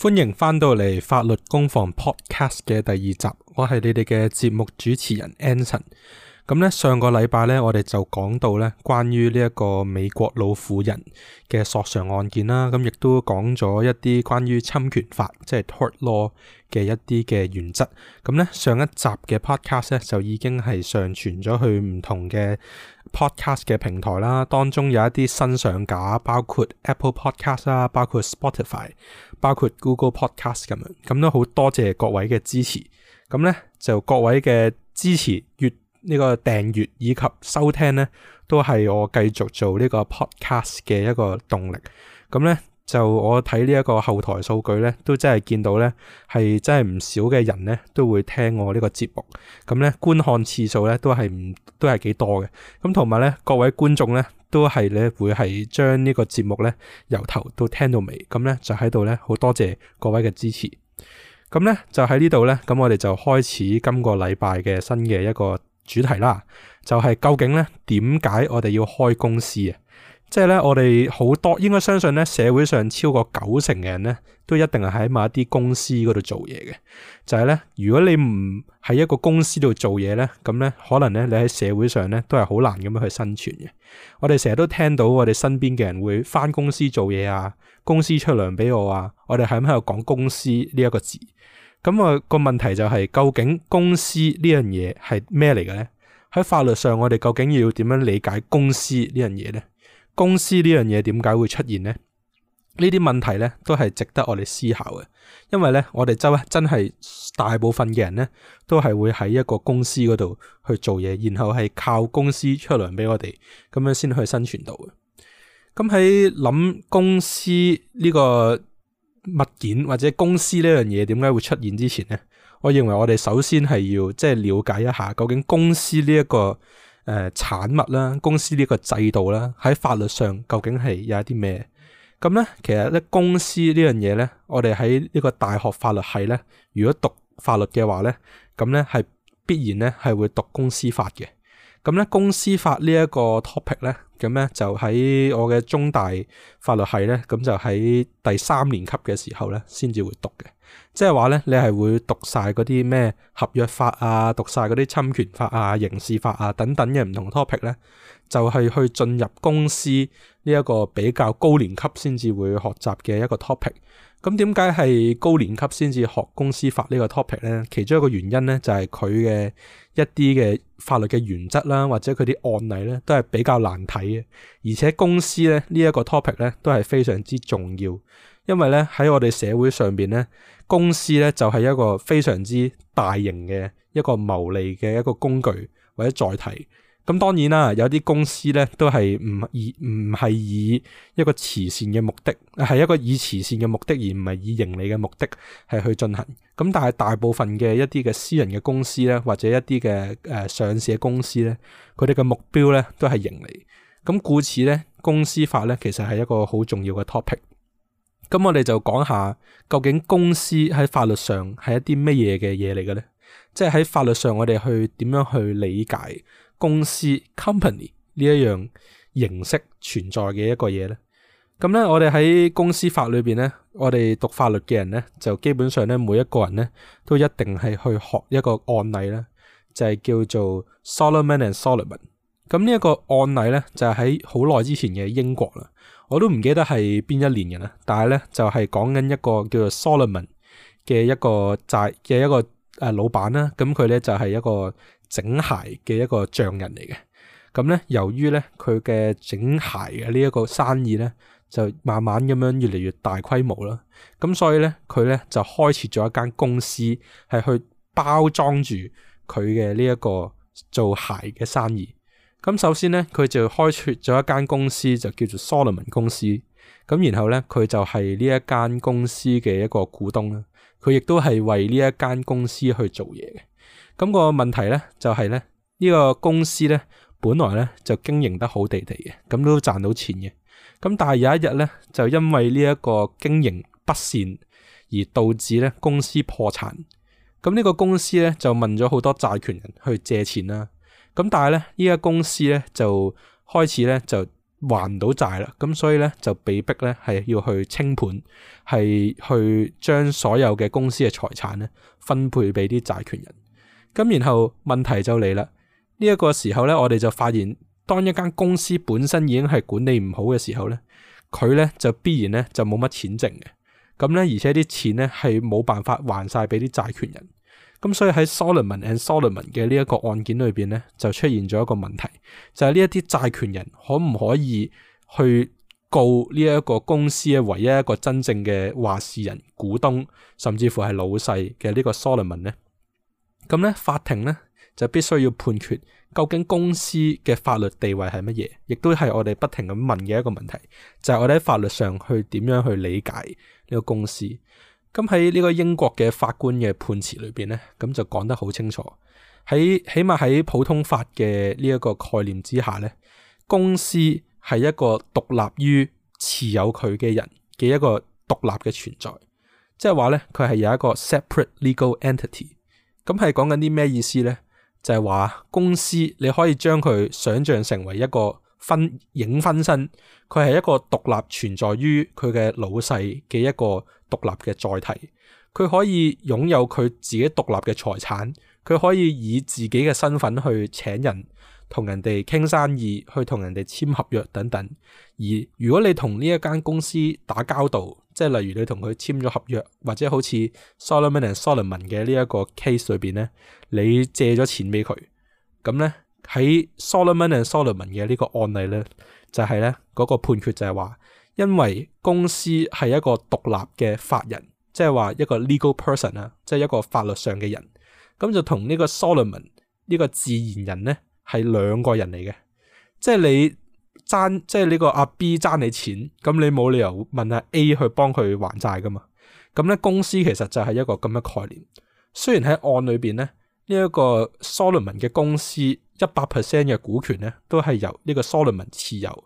歡迎翻到嚟《法律攻防 Podcast》嘅第二集，我係你哋嘅節目主持人 Anson。咁咧，上個禮拜咧，我哋就講到咧關於呢一個美國老婦人嘅索償案件啦。咁亦都講咗一啲關於侵權法，即係 Tort Law 嘅一啲嘅原則。咁咧，上一集嘅 Podcast 咧就已經係上傳咗去唔同嘅。podcast 嘅平台啦，當中有一啲新上架，包括 Apple Podcast 啦，包括 Spotify，包括 Google Podcast 咁樣，咁都好多謝各位嘅支持。咁咧就各位嘅支持，越呢個訂閱以及收聽咧，都係我繼續做呢個 Podcast 嘅一個動力。咁咧。就我睇呢一個後台數據咧，都真係見到咧，係真係唔少嘅人咧都會聽我呢個節目。咁、嗯、咧，觀看次數咧都係唔都係幾多嘅。咁同埋咧，各位觀眾咧都係咧會係將呢個節目咧由頭都聽到尾。咁、嗯、咧就喺度咧好多謝各位嘅支持。咁、嗯、咧就喺呢度咧，咁、嗯、我哋就開始今個禮拜嘅新嘅一個主題啦。就係、是、究竟咧點解我哋要開公司啊？即係咧，我哋好多應該相信咧，社會上超過九成嘅人咧，都一定係喺某一啲公司嗰度做嘢嘅。就係咧，如果你唔喺一個公司度做嘢咧，咁咧可能咧，你喺社會上咧都係好難咁樣去生存嘅。我哋成日都聽到我哋身邊嘅人會返公司做嘢啊，公司出糧俾我啊。我哋係咪喺度講公司呢一個字？咁啊，個問題就係究竟公司呢樣嘢係咩嚟嘅咧？喺法律上，我哋究竟要點樣理解公司呢樣嘢咧？公司呢樣嘢點解會出現呢？呢啲問題咧都係值得我哋思考嘅，因為咧我哋周真係大部分嘅人咧都係會喺一個公司嗰度去做嘢，然後係靠公司出糧俾我哋，咁樣先去生存到嘅。咁喺諗公司呢個物件或者公司呢樣嘢點解會出現之前咧，我認為我哋首先係要即係了解一下究竟公司呢一個。誒、呃、產物啦，公司呢個制度啦，喺法律上究竟係有一啲咩？咁、嗯、咧，其實咧公司呢樣嘢咧，我哋喺呢個大學法律系咧，如果讀法律嘅話咧，咁咧係必然咧係會讀公司法嘅。咁咧公司法呢一個 topic 咧，咁咧就喺我嘅中大法律系咧，咁就喺第三年級嘅時候咧，先至會讀嘅，即係話咧你係會讀晒嗰啲咩合約法啊，讀晒嗰啲侵權法啊、刑事法啊等等嘅唔同 topic 咧，就係去進入公司呢一個比較高年級先至會學習嘅一個 topic。咁點解係高年級先至學公司法呢個 topic 咧？其中一個原因咧，就係佢嘅一啲嘅法律嘅原則啦，或者佢啲案例咧，都係比較難睇嘅。而且公司咧呢一個 topic 咧，都係非常之重要，因為咧喺我哋社會上邊咧，公司咧就係一個非常之大型嘅一個牟利嘅一個工具或者載體。咁當然啦，有啲公司咧都係唔以唔係以一個慈善嘅目的，係一個以慈善嘅目的而唔係以盈利嘅目的係去進行。咁但係大部分嘅一啲嘅私人嘅公司咧，或者一啲嘅誒上市嘅公司咧，佢哋嘅目標咧都係盈利。咁故此咧，公司法咧其實係一個好重要嘅 topic。咁我哋就講下究竟公司喺法律上係一啲咩嘢嘅嘢嚟嘅咧？即係喺法律上我，我哋去點樣去理解？公司 company 呢一樣形式存在嘅一個嘢咧，咁咧我哋喺公司法裏邊咧，我哋讀法律嘅人咧，就基本上咧每一個人咧都一定係去學一個案例啦，就係、是、叫做 Solomon and Solomon。咁呢一個案例咧就喺好耐之前嘅英國啦，我都唔記得係邊一年嘅啦，但係咧就係、是、講緊一個叫做 Solomon 嘅一個債嘅一個誒老闆啦，咁佢咧就係、是、一個。整鞋嘅一個匠人嚟嘅，咁、嗯、咧由於咧佢嘅整鞋嘅呢一個生意咧，就慢慢咁樣越嚟越大規模啦，咁、嗯、所以咧佢咧就開設咗一間公，、嗯、公，公司，係去包裝住佢嘅呢一個做鞋嘅生意。咁首先咧佢就開設咗一間公司，就叫做 Solomon 公司。咁然後咧佢就係呢一間公司嘅一個股東啦，佢亦都係為呢一間公司去做嘢嘅。咁個問題咧就係咧，呢個公司咧，本來咧就經營得好地地嘅，咁都賺到錢嘅。咁但係有一日咧，就因為呢一個經營不善而導致咧公司破產。咁呢個公司咧就問咗好多債權人去借錢啦。咁但係咧，呢家公司咧就開始咧就還唔到債啦。咁所以咧就被逼咧係要去清盤，係去將所有嘅公司嘅財產咧分配俾啲債權人。咁然後問題就嚟啦，呢、這、一個時候咧，我哋就發現，當一間公司本身已經係管理唔好嘅時候咧，佢咧就必然咧就冇乜錢剩嘅。咁咧，而且啲錢咧係冇辦法還晒俾啲債權人。咁所以喺 Solomon and Solomon 嘅呢一個案件裏邊咧，就出現咗一個問題，就係呢一啲債權人可唔可以去告呢一個公司嘅唯一一個真正嘅話事人、股東，甚至乎係老細嘅呢個 Solomon 咧？咁咧，法庭咧就必須要判決究竟公司嘅法律地位係乜嘢，亦都係我哋不停咁問嘅一個問題，就係我哋喺法律上去點樣去理解呢個公司。咁喺呢個英國嘅法官嘅判詞裏邊咧，咁就講得好清楚，喺起碼喺普通法嘅呢一個概念之下咧，公司係一個獨立於持有佢嘅人嘅一個獨立嘅存在，即係話咧，佢係有一個 separate legal entity。咁係講緊啲咩意思呢？就係話公司你可以將佢想象成為一個分影分身，佢係一個獨立存在於佢嘅老細嘅一個獨立嘅載體，佢可以擁有佢自己獨立嘅財產，佢可以以自己嘅身份去請人，同人哋傾生意，去同人哋簽合約等等。而如果你同呢一間公司打交道，即係例如你同佢簽咗合約，或者好似 Solomon and Solomon 嘅呢一個 case 裏邊咧，你借咗錢俾佢，咁咧喺 Solomon and Solomon 嘅呢個案例咧，就係咧嗰個判決就係話，因為公司係一個獨立嘅法人，即係話一個 legal person 啊，即係一個法律上嘅人，咁就同呢個 Solomon 呢個自然人咧。係兩個人嚟嘅，即係你爭，即係呢個阿 B 爭你錢，咁你冇理由問阿 A 去幫佢還債噶嘛？咁咧公司其實就係一個咁嘅概念。雖然喺案裏邊咧，呢一個 Solomon 嘅公司一百 percent 嘅股權咧，都係由呢個 Solomon 持有。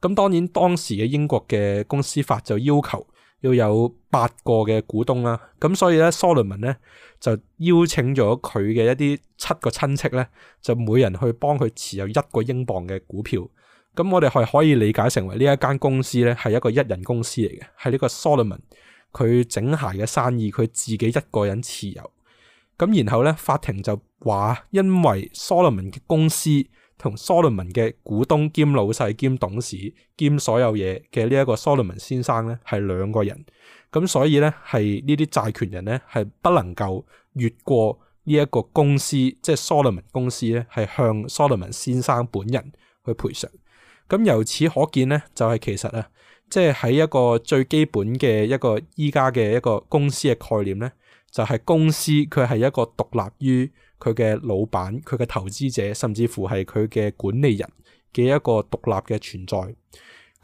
咁當然當時嘅英國嘅公司法就要求要有八個嘅股東啦。咁所以咧 Solomon 咧。就邀請咗佢嘅一啲七個親戚咧，就每人去幫佢持有一個英鎊嘅股票。咁我哋係可以理解成為呢一間公司咧，係一個一人公司嚟嘅，係呢個 Solomon 佢整鞋嘅生意，佢自己一個人持有。咁然後咧，法庭就話，因為 Solomon 嘅公司同 Solomon 嘅股東兼老細兼董事兼，兼，兼所有嘢嘅呢一個 Solomon 先生咧，係兩個人。咁所以咧，係呢啲債權人咧，係不能夠越過呢一個公司，即係 Solomon 公司咧，係向 Solomon 先生本人去賠償。咁由此可見咧，就係其實啊，即係喺一個最基本嘅一個依家嘅一個公司嘅概念咧，就係公司佢係一個獨立於佢嘅老闆、佢嘅投資者，甚至乎係佢嘅管理人嘅一個獨立嘅存在。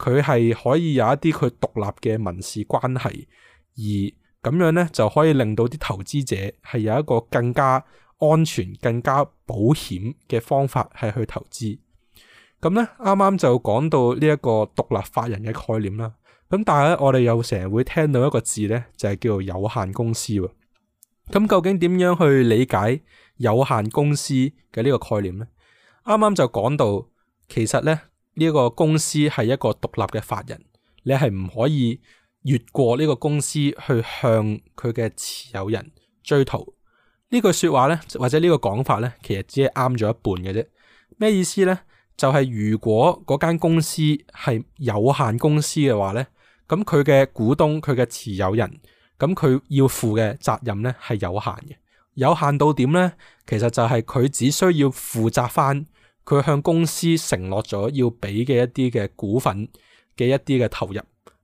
佢係可以有一啲佢獨立嘅民事關係，而咁樣咧就可以令到啲投資者係有一個更加安全、更加保險嘅方法係去投資。咁咧啱啱就講到呢一個獨立法人嘅概念啦。咁但係咧，我哋又成日會聽到一個字咧，就係、是、叫做有限公司喎。咁、嗯、究竟點樣去理解有限公司嘅呢個概念咧？啱啱就講到其實咧。呢個公司係一個獨立嘅法人，你係唔可以越過呢個公司去向佢嘅持有人追討。呢句說話呢，或者呢個講法呢，其實只係啱咗一半嘅啫。咩意思呢？就係如果嗰間公司係有限公司嘅話呢，咁佢嘅股東、佢嘅持有人，咁佢要負嘅責任呢係有限嘅。有限到點呢？其實就係佢只需要負責翻。佢向公司承諾咗要俾嘅一啲嘅股份嘅一啲嘅投入，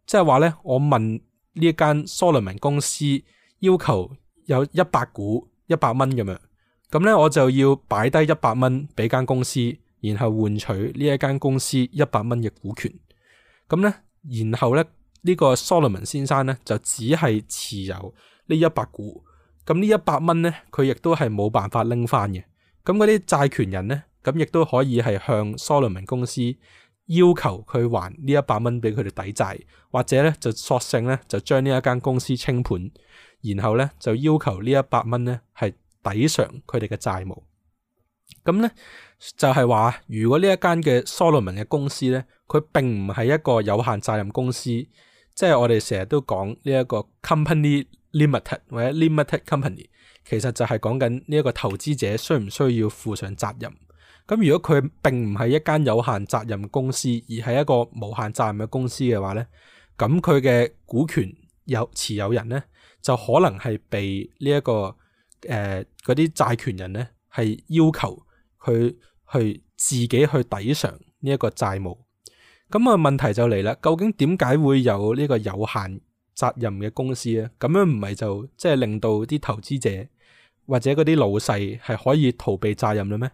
即係話呢，我問呢一間 Solomon 公司要求有一百股一百蚊咁樣，咁呢我就要擺低一百蚊俾間公司，然後換取呢一間公司一百蚊嘅股權，咁呢，然後呢，呢個 Solomon 先生呢就只係持有呢一百股，咁呢一百蚊呢，佢亦都係冇辦法拎翻嘅，咁嗰啲債權人呢，咁亦都可以係向 Solomon 公司要求佢還呢一百蚊俾佢哋抵債，或者咧就索性咧就將呢一間公司清盤，然後咧就要求呢一百蚊咧係抵償佢哋嘅債務。咁咧就係話，如果呢一間嘅 Solomon 嘅公司咧，佢並唔係一個有限責任公司，即係我哋成日都講呢一個 company limited 或者 limited company，其實就係講緊呢一個投資者需唔需要負上責任。咁如果佢並唔係一間有限責任公司，而係一個無限責任嘅公司嘅話咧，咁佢嘅股權有持有人咧，就可能係被呢、這、一個誒嗰啲債權人咧係要求佢去，去自己去抵償呢一個債務。咁啊，問題就嚟啦，究竟點解會有呢個有限責任嘅公司咧？咁樣唔係就即係令到啲投資者或者嗰啲老細係可以逃避責任啦咩？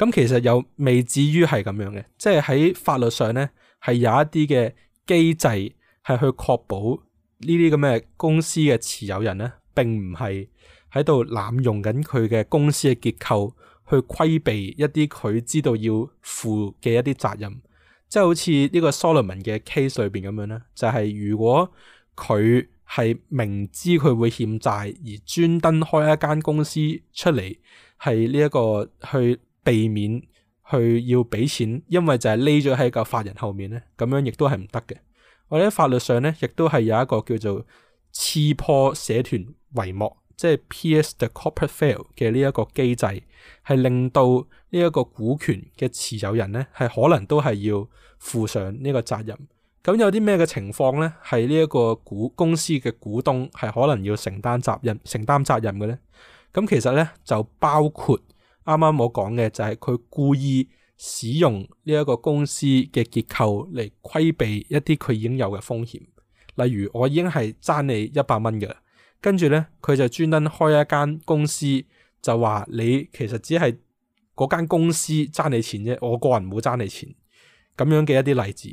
咁其實又未至於係咁樣嘅，即係喺法律上咧，係有一啲嘅機制係去確保呢啲咁嘅公司嘅持有人咧，並唔係喺度濫用緊佢嘅公司嘅結構去規避一啲佢知道要負嘅一啲責任，即係好似呢個 Solomon 嘅 case 裏邊咁樣咧，就係、是、如果佢係明知佢會欠債而專登開一間公司出嚟係呢一個去，避免去要俾錢，因為就係匿咗喺個法人後面咧，咁樣亦都係唔得嘅。我哋喺法律上咧，亦都係有一個叫做刺破社團帷幕，即係 Pierce the corporate veil 嘅呢一個機制，係令到呢一個股權嘅持有人咧，係可能都係要負上呢個責任。咁有啲咩嘅情況咧，係呢一個股公司嘅股東係可能要承擔責任、承擔責任嘅咧？咁其實咧就包括。啱啱我講嘅就係佢故意使用呢一個公司嘅結構嚟規避一啲佢已經有嘅風險，例如我已經係爭你一百蚊嘅，跟住呢，佢就專登開一間公司，就話你其實只係嗰間公司爭你錢啫，我個人唔冇爭你錢，咁樣嘅一啲例子。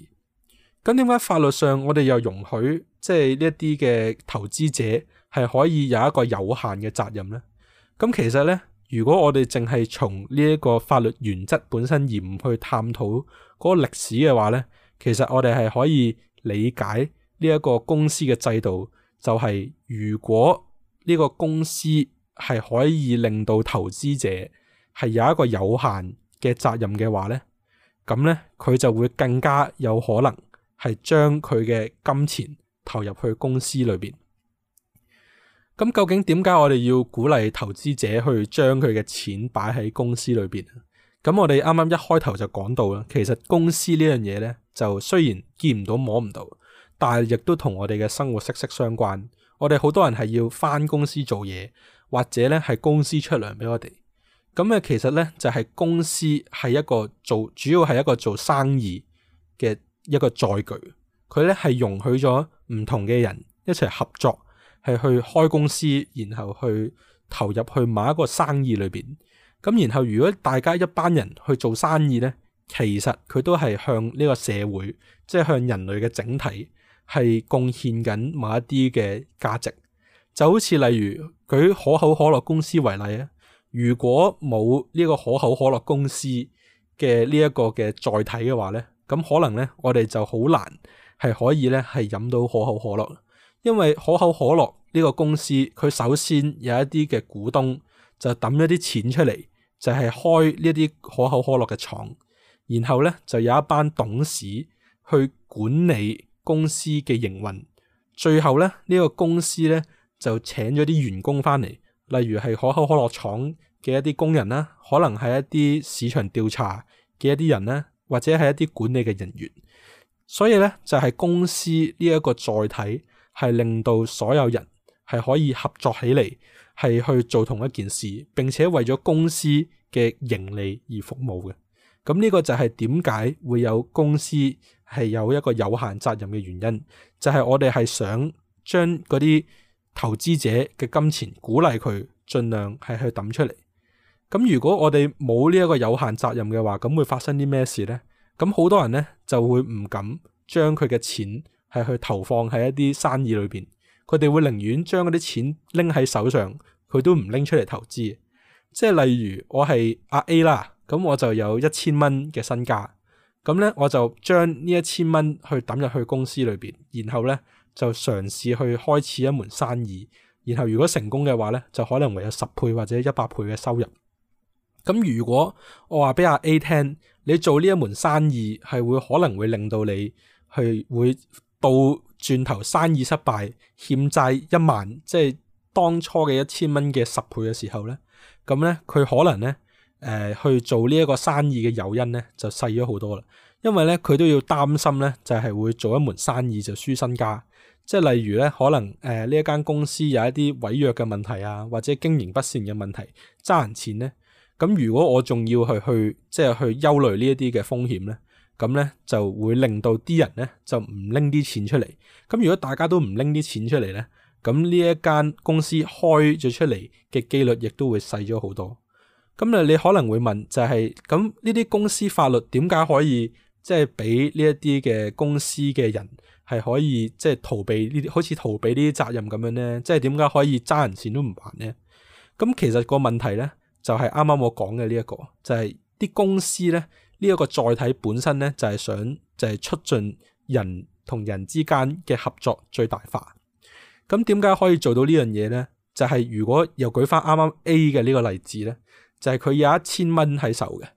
咁點解法律上我哋又容許即係呢一啲嘅投資者係可以有一個有限嘅責任呢？咁其實呢。如果我哋淨係從呢一個法律原則本身而唔去探討嗰個歷史嘅話咧，其實我哋係可以理解呢一個公司嘅制度就係、是，如果呢個公司係可以令到投資者係有一個有限嘅責任嘅話咧，咁咧佢就會更加有可能係將佢嘅金錢投入去公司裏邊。咁究竟點解我哋要鼓勵投資者去將佢嘅錢擺喺公司裏邊？咁我哋啱啱一開頭就講到啦，其實公司呢樣嘢呢，就雖然見唔到摸唔到，但係亦都同我哋嘅生活息息相關。我哋好多人係要返公司做嘢，或者呢係公司出糧俾我哋。咁咧其實呢，就係公司係一個做主要係一個做生意嘅一個載具，佢呢係容許咗唔同嘅人一齊合作，係去開公司，然後去投入去某一個生意裏邊，咁然後如果大家一班人去做生意呢，其實佢都係向呢個社會，即係向人類嘅整體係貢獻緊某一啲嘅價值。就好似例如舉可口可樂公司為例啊，如果冇呢個可口可樂公司嘅呢一個嘅載體嘅話呢，咁可能呢，我哋就好難係可以呢係飲到可口可樂。因為可口可樂呢個公司，佢首先有一啲嘅股東就抌咗啲錢出嚟，就係、是、開呢啲可口可樂嘅廠，然後呢，就有一班董事去管理公司嘅營運，最後呢，呢、這個公司呢，就請咗啲員工返嚟，例如係可口可樂廠嘅一啲工人啦，可能係一啲市場調查嘅一啲人啦，或者係一啲管理嘅人員，所以呢，就係、是、公司呢一個載體。係令到所有人係可以合作起嚟，係去做同一件事，並且為咗公司嘅盈利而服務嘅。咁呢個就係點解會有公司係有一個有限責任嘅原因，就係、是、我哋係想將嗰啲投資者嘅金錢鼓勵佢盡量係去抌出嚟。咁如果我哋冇呢一個有限責任嘅話，咁會發生啲咩事呢？咁好多人呢，就會唔敢將佢嘅錢，係去投放喺一啲生意裏邊，佢哋會寧願將嗰啲錢拎喺手上，佢都唔拎出嚟投資。即係例如我係阿 A, A 啦，咁我就有一千蚊嘅身家，咁呢，我就將呢一千蚊去抌入去公司裏邊，然後呢，就嘗試去開始一門生意，然後如果成功嘅話呢，就可能會有十倍或者一百倍嘅收入。咁如果我話俾阿 A 聽，你做呢一門生意係會可能會令到你去會。到轉頭生意失敗欠債一萬，即係當初嘅一千蚊嘅十倍嘅時候咧，咁咧佢可能咧誒、呃、去做呢一個生意嘅誘因咧就細咗好多啦，因為咧佢都要擔心咧就係、是、會做一門生意就輸身家，即係例如咧可能誒呢、呃、一間公司有一啲違約嘅問題啊，或者經營不善嘅問題爭人錢咧，咁如果我仲要去去即係去憂慮呢一啲嘅風險咧？咁咧就會令到啲人咧就唔拎啲錢出嚟。咁如果大家都唔拎啲錢出嚟咧，咁呢一間公司開咗出嚟嘅機率亦都會細咗好多。咁、嗯、啊，你可能會問就係咁呢啲公司法律點解可以即係俾呢一啲嘅公司嘅人係可以即係、就係、逃避呢啲好似逃避呢啲責任咁樣咧？即係點解可以揸人錢都唔還咧？咁、嗯、其實個問題咧就係啱啱我講嘅呢一個，就係、係、啲公司咧。呢一個載體本身咧就係、是、想就係促進人同人之間嘅合作最大化。咁點解可以做到呢樣嘢咧？就係、是、如果又舉翻啱啱 A 嘅呢個例子咧，就係、是、佢有一千蚊喺手嘅。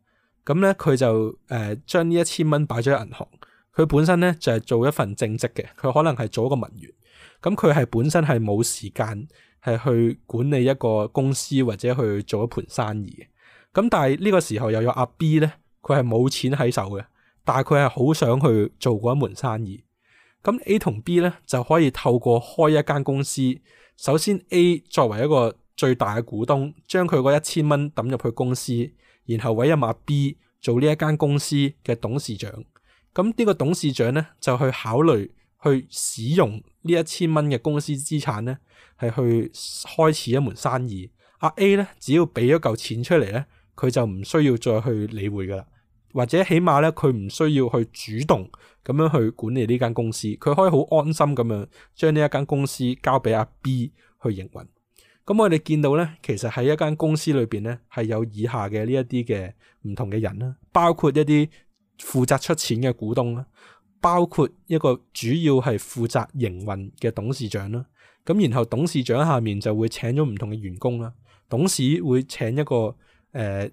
咁咧佢就誒、呃、將呢一千蚊擺咗喺銀行。佢本身咧就係、是、做一份正職嘅，佢可能係做一個文員。咁佢係本身係冇時間係去管理一個公司或者去做一盤生意嘅。咁但係呢個時候又有阿 B 咧。佢係冇錢喺手嘅，但係佢係好想去做嗰一門生意。咁 A 同 B 呢，就可以透過開一間公司。首先 A 作為一個最大嘅股東，將佢嗰一千蚊抌入佢公司，然後委任阿 B 做呢一間公司嘅董事長。咁呢個董事長呢，就去考慮去使用呢一千蚊嘅公司資產呢，係去開始一門生意。阿、啊、A 呢，只要俾咗嚿錢出嚟呢，佢就唔需要再去理會噶啦，或者起碼咧，佢唔需要去主動咁樣去管理呢間公司，佢可以好安心咁樣將呢一間公司交俾阿 B 去營運。咁、嗯、我哋見到咧，其實喺一間公司裏邊咧，係有以下嘅呢一啲嘅唔同嘅人啦，包括一啲負責出錢嘅股東啦，包括一個主要係負責營運嘅董事長啦，咁然後董事長下面就會請咗唔同嘅員工啦，董事會請一個。誒，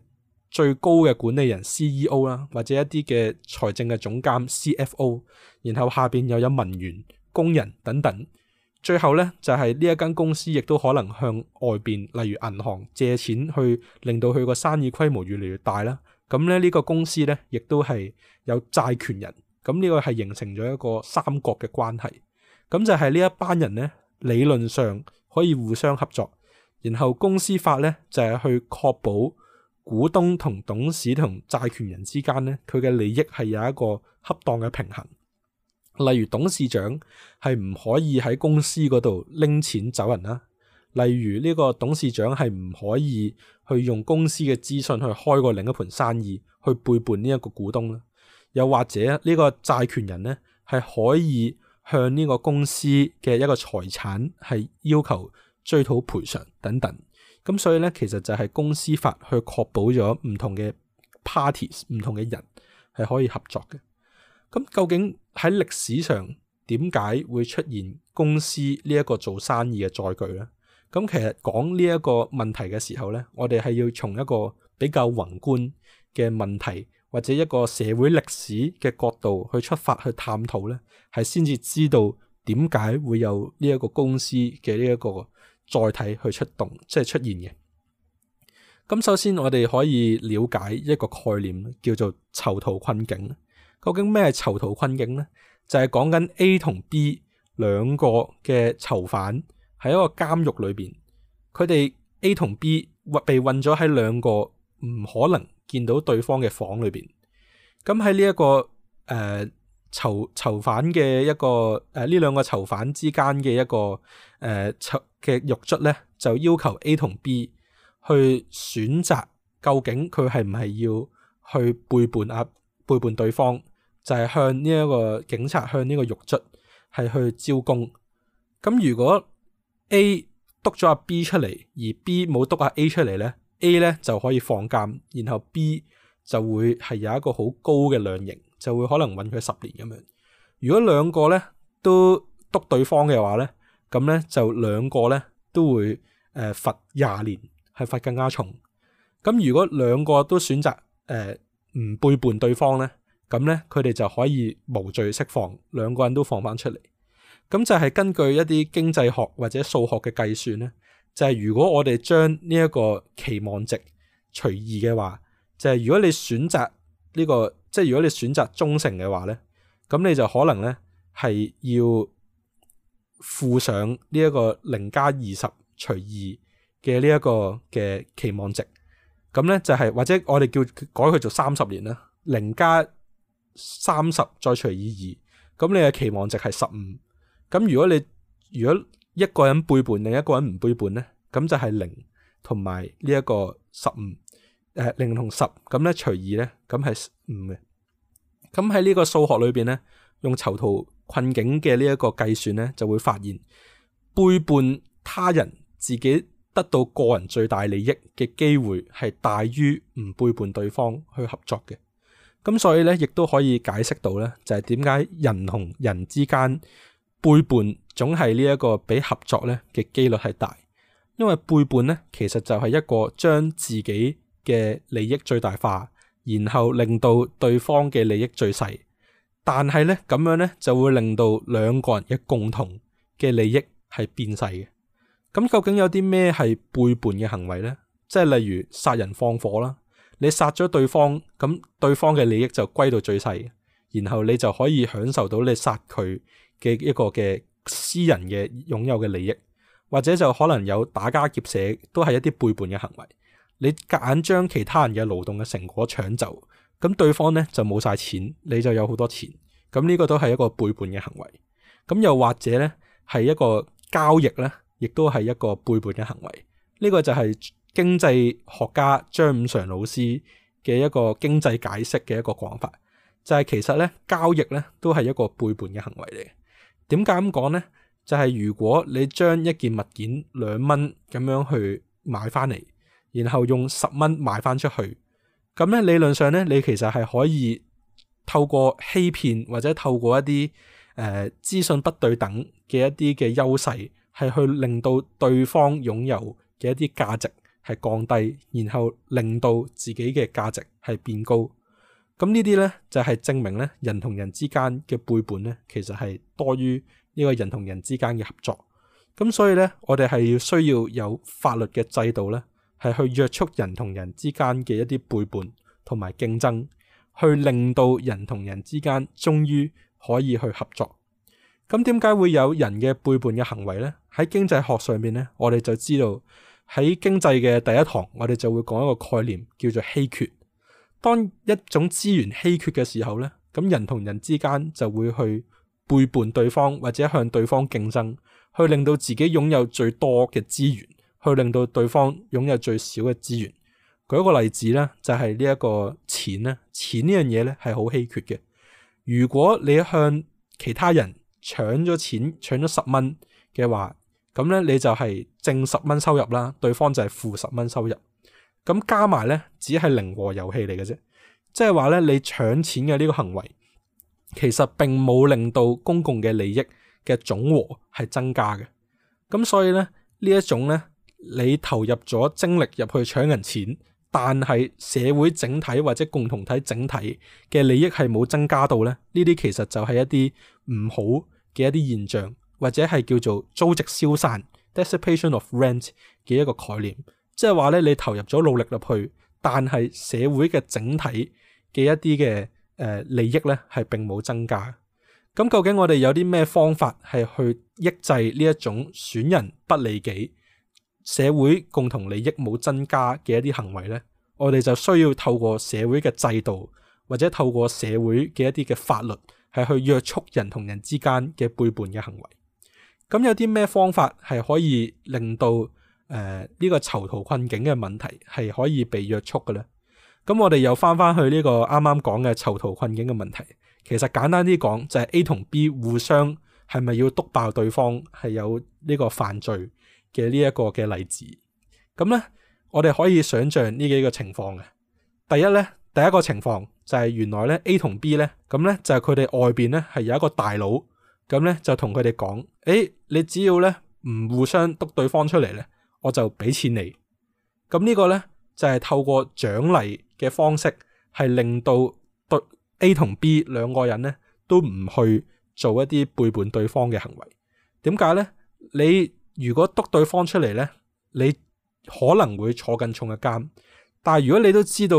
最高嘅管理人 CEO 啦，或者一啲嘅財政嘅總監 CFO，然後下邊又有文員、工人等等，最後呢，就係呢一間公司亦都可能向外邊，例如銀行借錢去令到佢個生意規模越嚟越大啦。咁咧呢個公司呢，亦都係有債權人，咁呢個係形成咗一個三角嘅關係。咁就係呢一班人呢，理論上可以互相合作，然後公司法呢，就係去確保。股東同董事同債權人之間咧，佢嘅利益係有一個恰當嘅平衡。例如董事長係唔可以喺公司嗰度拎錢走人啦。例如呢個董事長係唔可以去用公司嘅資訊去開個另一盤生意，去背叛呢一個股東啦。又或者呢個債權人咧係可以向呢個公司嘅一個財產係要求追討賠償等等。咁所以咧，其實就係公司法去確保咗唔同嘅 parties、唔同嘅人係可以合作嘅。咁究竟喺歷史上點解會出現公司呢一個做生意嘅載具咧？咁其實講呢一個問題嘅時候咧，我哋係要從一個比較宏觀嘅問題或者一個社會歷史嘅角度去出發去探討咧，係先至知道點解會有呢一個公司嘅呢一個。再睇去出動，即係出現嘅。咁首先我哋可以了解一個概念，叫做囚徒困境。究竟咩係囚徒困境呢？就係、是、講緊 A 同 B 兩個嘅囚犯喺一個監獄裏邊，佢哋 A 同 B 被困咗喺兩個唔可能見到對方嘅房裏邊。咁喺呢一個誒。呃囚囚犯嘅一個誒，呢、呃、兩個囚犯之間嘅一個誒嘅獄卒咧，就要求 A 同 B 去選擇究竟佢係唔係要去背叛啊，背叛對方，就係、是、向呢一個警察向呢個獄卒係去招供。咁如果 A 篤咗阿 B 出嚟，而 B 冇篤阿 A 出嚟咧，A 咧就可以放監，然後 B 就會係有一個好高嘅量刑。就會可能揾佢十年咁樣。如果兩個咧都督對方嘅話咧，咁咧就兩個咧都會誒罰廿年，係罰更加重。咁如果兩個都選擇誒唔背叛對方咧，咁咧佢哋就可以無罪釋放，兩個人都放翻出嚟。咁就係根據一啲經濟學或者數學嘅計算咧，就係、是、如果我哋將呢一個期望值隨意嘅話，就係、是、如果你選擇。呢、這個即係如果你選擇忠誠嘅話咧，咁你就可能咧係要附上呢一個零加二十除二嘅呢一個嘅、這個、期望值。咁咧就係、是、或者我哋叫改佢做三十年啦，零加三十再除以二，咁你嘅期望值係十五。咁如果你如果一個人背叛另一個人唔背叛咧，咁就係零同埋呢一個十五。誒、呃，零同十咁咧，除二咧，咁係五嘅。咁喺呢個數學裏邊咧，用囚徒困境嘅呢一個計算咧，就會發現背叛他人自己得到個人最大利益嘅機會係大於唔背叛對方去合作嘅。咁所以咧，亦都可以解釋到咧，就係點解人同人之間背叛總係呢一個比合作咧嘅幾率係大，因為背叛咧其實就係一個將自己。嘅利益最大化，然後令到對方嘅利益最細，但係咧咁樣咧就會令到兩個人嘅共同嘅利益係變細嘅。咁、嗯、究竟有啲咩係背叛嘅行為呢？即係例如殺人放火啦，你殺咗對方，咁對方嘅利益就歸到最細，然後你就可以享受到你殺佢嘅一個嘅私人嘅擁有嘅利益，或者就可能有打家劫舍，都係一啲背叛嘅行為。你夾硬將其他人嘅勞動嘅成果搶走，咁對方呢就冇晒錢，你就有好多錢。咁呢個都係一個背叛嘅行為。咁又或者呢，係一個交易呢，亦都係一個背叛嘅行為。呢、這個就係經濟學家張五常老師嘅一個經濟解釋嘅一個講法，就係、是、其實咧交易呢都係一個背叛嘅行為嚟。點解咁講呢？就係、是、如果你將一件物件兩蚊咁樣去買翻嚟。然後用十蚊賣返出去，咁咧理論上咧，你其實係可以透過欺騙或者透過一啲誒、呃、資訊不對等嘅一啲嘅優勢，係去令到對方擁有嘅一啲價值係降低，然後令到自己嘅價值係變高。咁呢啲咧就係、是、證明咧人同人之間嘅背叛咧，其實係多於呢個人同人之間嘅合作。咁所以咧，我哋係要需要有法律嘅制度咧，係去約束人同人之間嘅一啲背叛同埋競爭，去令到人同人之間終於可以去合作。咁點解會有人嘅背叛嘅行為呢？喺經濟學上面咧，我哋就知道喺經濟嘅第一堂，我哋就會講一個概念叫做稀缺。當一種資源稀缺嘅時候咧，咁人同人之間就會去背叛對方或者向對方競爭，去令到自己擁有最多嘅資源。去令到對方擁有最少嘅資源。舉一個例子咧，就係呢一個錢咧，錢呢樣嘢咧係好稀缺嘅。如果你向其他人搶咗錢，搶咗十蚊嘅話，咁咧你就係正十蚊收入啦，對方就係負十蚊收入。咁加埋咧，只係零和遊戲嚟嘅啫。即係話咧，你搶錢嘅呢個行為，其實並冇令到公共嘅利益嘅總和係增加嘅。咁所以咧，呢一種咧。你投入咗精力入去搶人錢，但係社會整體或者共同體整體嘅利益係冇增加到呢？呢啲其實就係一啲唔好嘅一啲現象，或者係叫做租值消散 d i s s i p a t i o n of rent） 嘅一個概念，即係話咧，你投入咗努力入去，但係社會嘅整體嘅一啲嘅誒利益咧係並冇增加。咁究竟我哋有啲咩方法係去抑制呢一種損人不利己？社會共同利益冇增加嘅一啲行為咧，我哋就需要透過社會嘅制度，或者透過社會嘅一啲嘅法律，係去約束人同人之間嘅背叛嘅行為。咁有啲咩方法係可以令到誒呢個囚徒困境嘅問題係可以被約束嘅咧？咁我哋又翻翻去呢個啱啱講嘅囚徒困境嘅問題，其實簡單啲講，就係 A 同 B 互相係咪要督爆對方係有呢個犯罪？嘅呢一個嘅例子，咁呢，我哋可以想象呢幾個情況嘅。第一呢，第一個情況就係原來呢 A 同 B 呢，咁呢就係佢哋外邊呢係有一個大佬，咁呢就同佢哋講：誒，你只要呢唔互相督對方出嚟呢，我就俾錢你。咁呢個呢，就係透過獎勵嘅方式，係令到對 A 同 B 兩個人呢都唔去做一啲背叛對方嘅行為。點解呢？你如果督對方出嚟呢，你可能會坐更重嘅監。但係如果你都知道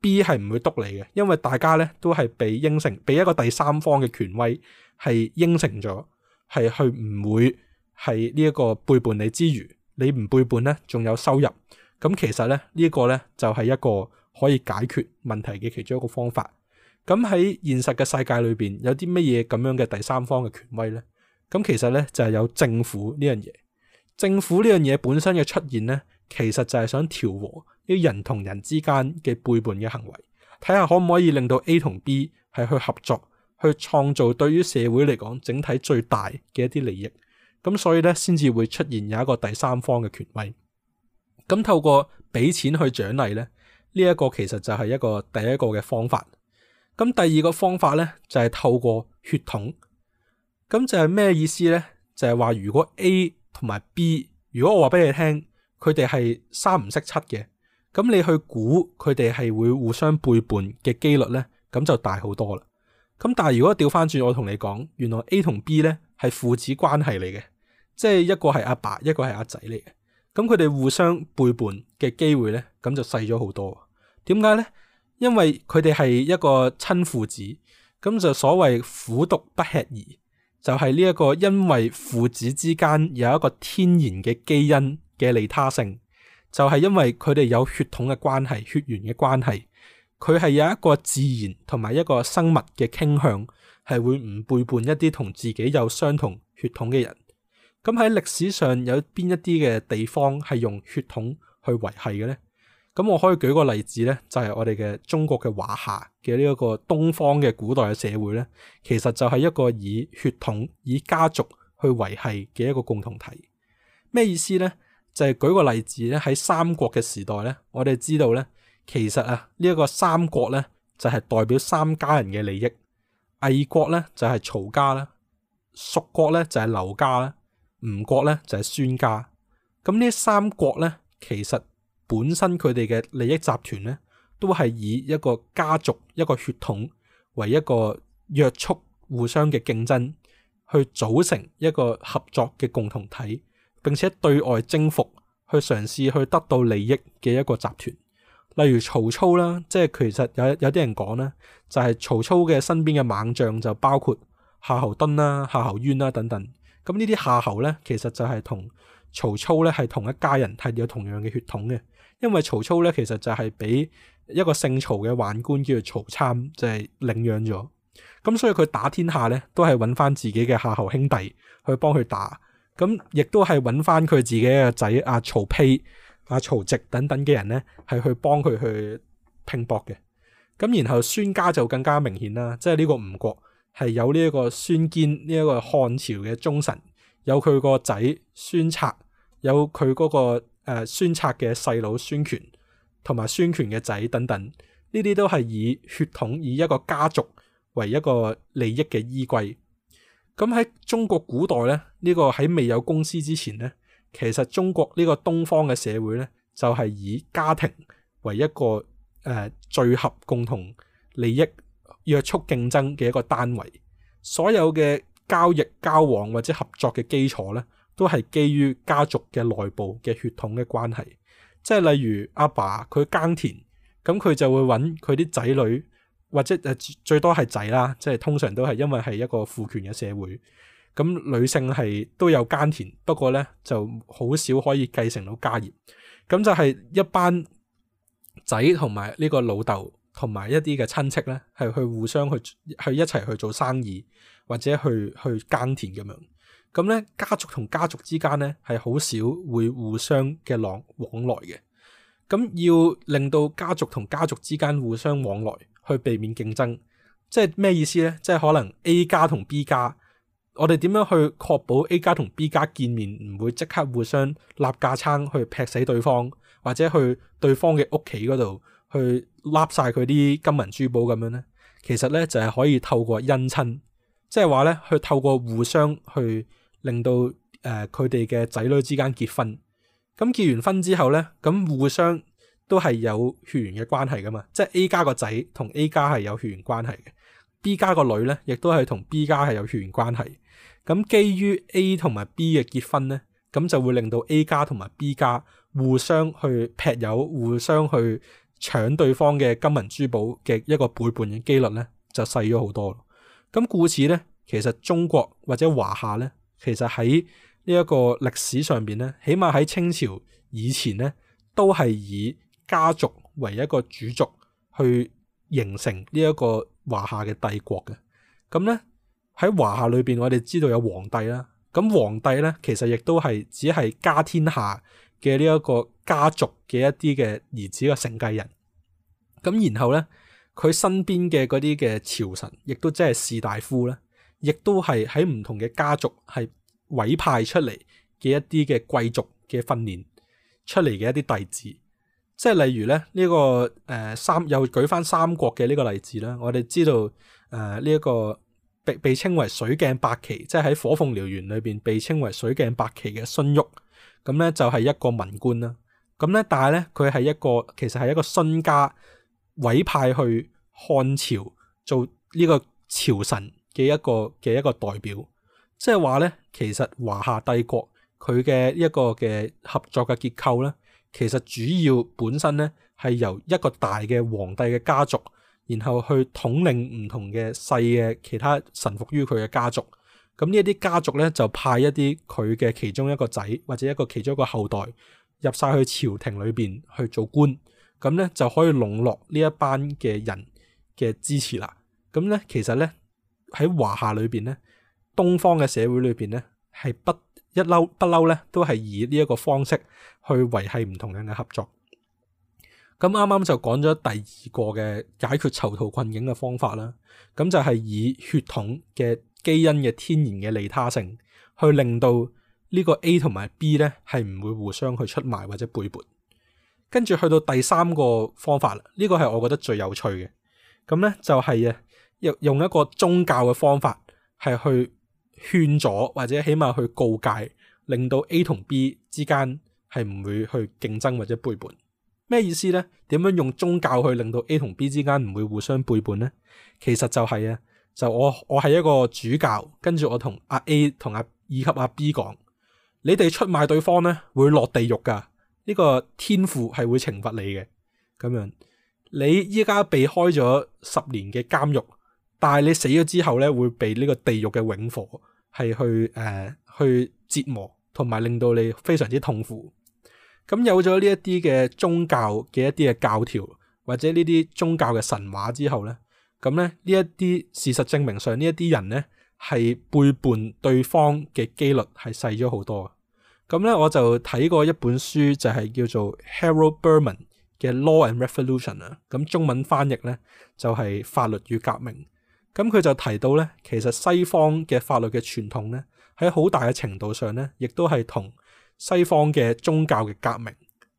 B 係唔會督你嘅，因為大家呢都係被應承，被一個第三方嘅權威係應承咗，係去唔會係呢一個背叛你之餘，你唔背叛呢仲有收入。咁其實呢，呢個呢就係一個可以解決問題嘅其中一個方法。咁喺現實嘅世界裏邊，有啲乜嘢咁樣嘅第三方嘅權威呢？咁其實咧就係有政府呢樣嘢，政府呢樣嘢本身嘅出現咧，其實就係想調和啲人同人之間嘅背叛嘅行為，睇下可唔可以令到 A 同 B 係去合作，去創造對於社會嚟講整體最大嘅一啲利益。咁所以咧先至會出現有一個第三方嘅權威。咁透過俾錢去獎勵咧，呢一個其實就係一個第一個嘅方法。咁第二個方法咧就係透過血統。咁就係咩意思呢？就係話，如果 A 同埋 B，如果我話俾你聽，佢哋係三唔識七嘅，咁你去估佢哋係會互相背叛嘅幾率呢，咁就大好多啦。咁但係如果調翻轉，我同你講，原來 A 同 B 呢係父子關係嚟嘅，即係一個係阿爸，一個係阿仔嚟嘅。咁佢哋互相背叛嘅機會呢，咁就細咗好多。點解呢？因為佢哋係一個親父子，咁就所謂虎毒不吃兒。就係呢一個，因為父子之間有一個天然嘅基因嘅利他性，就係、是、因為佢哋有血統嘅關係、血緣嘅關係，佢係有一個自然同埋一個生物嘅傾向，係會唔背叛一啲同自己有相同血統嘅人。咁喺歷史上有邊一啲嘅地方係用血統去維繫嘅呢？咁我可以舉個例子咧，就係我哋嘅中國嘅華夏嘅呢一個東方嘅古代嘅社會咧，其實就係一個以血統、以家族去維繫嘅一個共同體。咩意思呢？就係舉個例子咧，喺三國嘅時代咧，我哋知道咧，其實啊呢一個三國咧，就係代表三家人嘅利益。魏國咧，就係曹家啦，蜀國咧，就係劉家啦，吳國咧，就係孫家。咁呢三國咧，其實。本身佢哋嘅利益集團呢，都係以一個家族、一個血統為一個約束，互相嘅競爭，去組成一個合作嘅共同體，並且對外征服，去嘗試去得到利益嘅一個集團。例如曹操啦，即係其實有有啲人講呢，就係曹操嘅身邊嘅猛將就包括夏侯惇啦、夏侯淵啦等等。咁呢啲夏侯呢，其實就係同曹操呢，係同一家人，係有同樣嘅血統嘅。因為曹操咧，其實就係俾一個姓曹嘅宦官叫做曹參，就係、是、領養咗。咁、嗯、所以佢打天下咧，都係揾翻自己嘅夏侯兄弟去幫佢打。咁、嗯、亦都係揾翻佢自己嘅仔阿曹丕、阿、啊、曹植等等嘅人咧，係去幫佢去拼搏嘅。咁、嗯、然後孫家就更加明顯啦，即係呢個吳國係有呢一個孫堅呢一個漢朝嘅忠臣，有佢個仔孫策，有佢嗰、那個。誒，孫策嘅細佬孫權，同埋孫權嘅仔等等，呢啲都係以血統，以一個家族為一個利益嘅依歸。咁喺中國古代咧，呢個喺未有公司之前咧，其實中國呢個東方嘅社會咧，就係以家庭為一個誒聚合共同利益、約束競爭嘅一個單位，所有嘅交易、交往或者合作嘅基礎咧。都係基於家族嘅內部嘅血統嘅關係，即係例如阿爸佢耕田，咁佢就會揾佢啲仔女，或者誒最多係仔啦，即係通常都係因為係一個父權嘅社會，咁女性係都有耕田，不過呢就好少可以繼承到家業，咁就係一班仔同埋呢個老豆同埋一啲嘅親戚呢，係去互相去去一齊去做生意或者去去耕田咁樣。咁咧，家族同家族之間咧係好少會互相嘅往往來嘅。咁要令到家族同家族之間互相往來，去避免競爭，即係咩意思咧？即係可能 A 家同 B 家，我哋點樣去確保 A 家同 B 家見面唔會即刻互相立架撐去劈死對方，或者去對方嘅屋企嗰度去笠晒佢啲金銀珠寶咁樣咧？其實咧就係可以透過姻親，即係話咧去透過互相去。令到誒，佢哋嘅仔女之間結婚。咁結完婚之後呢，咁互相都係有血緣嘅關係噶嘛。即係 A 家個仔同 A 家係有血緣關係嘅，B 家個女呢亦都係同 B 家係有血緣關係。咁基於 A 同埋 B 嘅結婚呢，咁就會令到 A 家同埋 B 家互相去劈友，互相去搶對方嘅金銀珠寶嘅一個背叛嘅幾率呢，就細咗好多。咁故此呢，其實中國或者華夏呢。其實喺呢一個歷史上邊咧，起碼喺清朝以前咧，都係以家族為一個主軸去形成呢一個華夏嘅帝國嘅。咁咧喺華夏裏邊，我哋知道有皇帝啦。咁皇帝咧，其實亦都係只係家天下嘅呢一個家族嘅一啲嘅兒子嘅承繼人。咁然後咧，佢身邊嘅嗰啲嘅朝臣，亦都即係士大夫咧。亦都係喺唔同嘅家族係委派出嚟嘅一啲嘅貴族嘅訓練出嚟嘅一啲弟子，即係例如咧呢、這個誒、呃、三又舉翻三國嘅呢個例子啦。我哋知道誒呢一個被被稱為「水鏡八奇」，即係喺火鳳燎原裏邊被稱為「水鏡八奇」嘅荀彧，咁咧就係一個文官啦。咁咧但係咧佢係一個其實係一個荀家委派去漢朝做呢個朝臣嘅一個嘅一個代表，即係話咧，其實華夏帝國佢嘅一個嘅合作嘅結構咧，其實主要本身咧係由一個大嘅皇帝嘅家族，然後去統領唔同嘅細嘅其他臣服於佢嘅家族。咁呢一啲家族咧就派一啲佢嘅其中一個仔或者一個其中一個後代入晒去朝廷裏邊去做官，咁咧就可以籠絡呢一班嘅人嘅支持啦。咁咧其實咧～喺華夏裏邊咧，東方嘅社會裏邊咧，係不一嬲不嬲咧，都係以呢一個方式去維繫唔同人嘅合作。咁啱啱就講咗第二個嘅解決囚徒困境嘅方法啦。咁就係以血統嘅基因嘅天然嘅利他性，去令到呢個 A 同埋 B 咧係唔會互相去出賣或者背叛。跟住去到第三個方法，呢個係我覺得最有趣嘅。咁咧就係啊。用一個宗教嘅方法，係去勸咗或者起碼去告誡，令到 A 同 B 之間係唔會去競爭或者背叛。咩意思呢？點樣用宗教去令到 A 同 B 之間唔會互相背叛呢？其實就係啊，就我我係一個主教，跟住我同阿 A 同阿以及阿 B 講，你哋出賣對方咧，會落地獄噶。呢個天父係會懲罰你嘅。咁樣，你依家避開咗十年嘅監獄。但係你死咗之後咧，會被呢個地獄嘅永火係去誒、呃、去折磨，同埋令到你非常之痛苦。咁、嗯、有咗呢一啲嘅宗教嘅一啲嘅教條，或者呢啲宗教嘅神話之後咧，咁咧呢一啲事實證明上，呢一啲人咧係背叛對方嘅幾率係細咗好多。咁、嗯、咧我就睇過一本書，就係、是、叫做 Harold Berman 嘅《Law and Revolution》啊，咁、嗯、中文翻譯咧就係、是《法律與革命》。咁佢就提到咧，其實西方嘅法律嘅傳統咧，喺好大嘅程度上咧，亦都係同西方嘅宗教嘅革命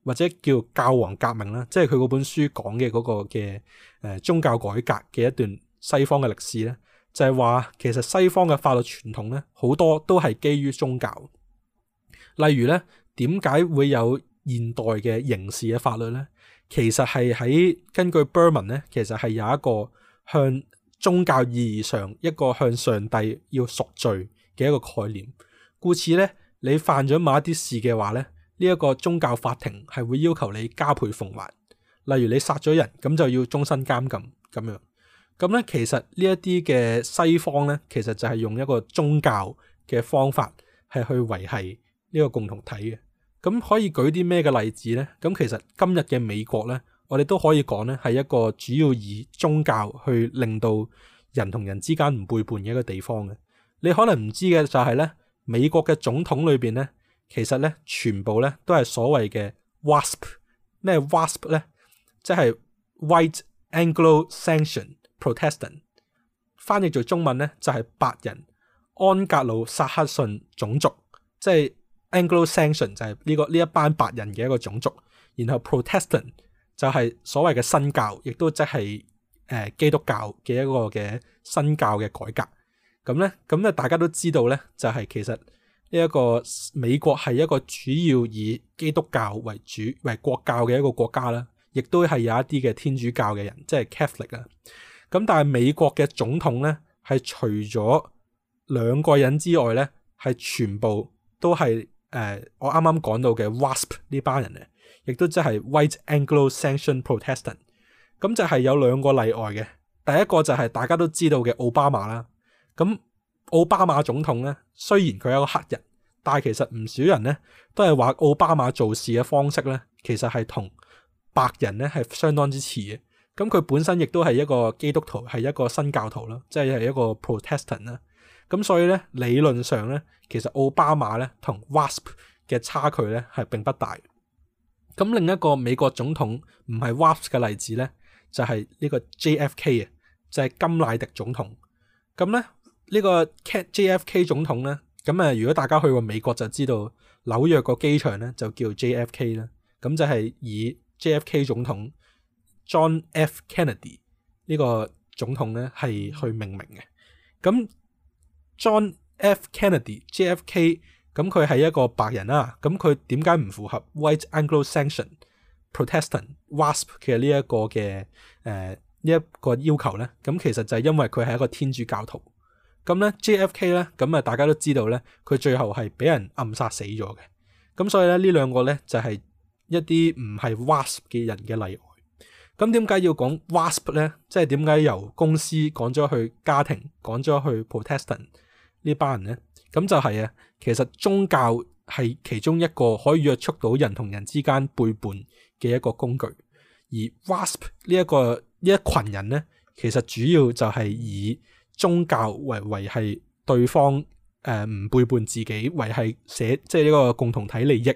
或者叫教皇革命啦，即係佢嗰本書講嘅嗰個嘅誒、呃、宗教改革嘅一段西方嘅歷史咧，就係、是、話其實西方嘅法律傳統咧，好多都係基於宗教。例如咧，點解會有現代嘅刑事嘅法律咧？其實係喺根據 Berman 咧，其實係有一個向。宗教意義上一個向上帝要贖罪嘅一個概念，故此咧，你犯咗某一啲事嘅話咧，呢一個宗教法庭係會要求你加倍奉還。例如你殺咗人，咁就要終身監禁咁樣。咁咧，其實呢一啲嘅西方咧，其實就係用一個宗教嘅方法係去維繫呢個共同體嘅。咁可以舉啲咩嘅例子呢？咁其實今日嘅美國咧。我哋都可以講咧，係一個主要以宗教去令到人同人之間唔背叛嘅一個地方嘅。你可能唔知嘅就係咧，美國嘅總統裏邊咧，其實咧全部咧都係所謂嘅 wasp。咩 wasp 咧？即係 white Anglo-Saxon Protestant。翻譯做中文咧就係、是、白人安格魯撒克遜種族，即係 Anglo-Saxon 就係呢、這個呢一班白人嘅一個種族，然後 Protestant。就係所謂嘅新教，亦都即係誒基督教嘅一個嘅新教嘅改革。咁咧，咁咧大家都知道咧，就係、是、其實呢一個美國係一個主要以基督教為主為國教嘅一個國家啦。亦都係有一啲嘅天主教嘅人，即係 Catholic 啊。咁但係美國嘅總統咧，係除咗兩個人之外咧，係全部都係誒、呃、我啱啱講到嘅 WASP 呢班人嚟。亦都即係 White Anglo-Saxon Protestant，咁就係有兩個例外嘅。第一個就係大家都知道嘅奧巴馬啦。咁奧巴馬總統咧，雖然佢係一個黑人，但係其實唔少人咧都係話奧巴馬做事嘅方式咧，其實係同白人咧係相當之似嘅。咁佢本身亦都係一個基督徒，係一個新教徒啦，即係係一個 Protestant 啦。咁所以咧，理論上咧，其實奧巴馬咧同 WASP 嘅差距咧係並不大。咁另一個美國總統唔係 Watts 嘅例子咧，就係呢個 JFK 啊，就係甘迺迪總統。咁咧呢個 c JFK 總統咧，咁啊如果大家去過美國就知道紐約個機場咧就叫 JFK 啦，咁就係以 JFK 總統 John F. Kennedy 呢個總統咧係去命名嘅。咁 John F. Kennedy JFK。咁佢係一個白人啦，咁佢點解唔符合 White Anglo-Saxon Protestant WASP 嘅呢一個嘅，誒呢一個要求呢？咁其實就係因為佢係一個天主教徒。咁咧 JFK 咧，咁啊大家都知道咧，佢最後係俾人暗殺死咗嘅。咁所以咧呢兩個咧就係一啲唔係 WASP 嘅人嘅例外。咁點解要講 WASP 咧？即係點解由公司講咗去家庭，講咗去 Protestant 呢班人咧？咁就係、是、啊！其實宗教係其中一個可以約束到人同人之間背叛嘅一個工具。而 WASP 呢、這、一個呢一群人咧，其實主要就係以宗教為維繫對方誒唔、呃、背叛自己，維係社即係呢個共同體利益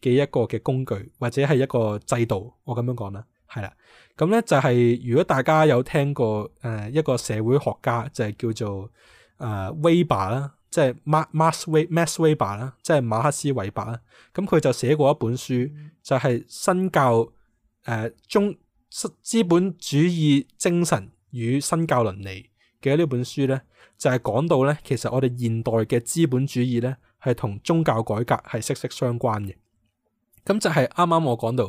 嘅一個嘅工具，或者係一個制度。我咁樣講啦，係啦。咁咧就係、是、如果大家有聽過誒、呃、一個社會學家，就係、是、叫做誒 Weber 啦。呃 Weber, 即係馬斯韋馬斯韋伯啦，即係馬克思韋伯啦。咁佢就寫過一本書，就係、是《新教誒宗資本主義精神與新教倫理》嘅呢本書咧，就係、是、講到咧，其實我哋現代嘅資本主義咧，係同宗教改革係息息相關嘅。咁就係啱啱我講到，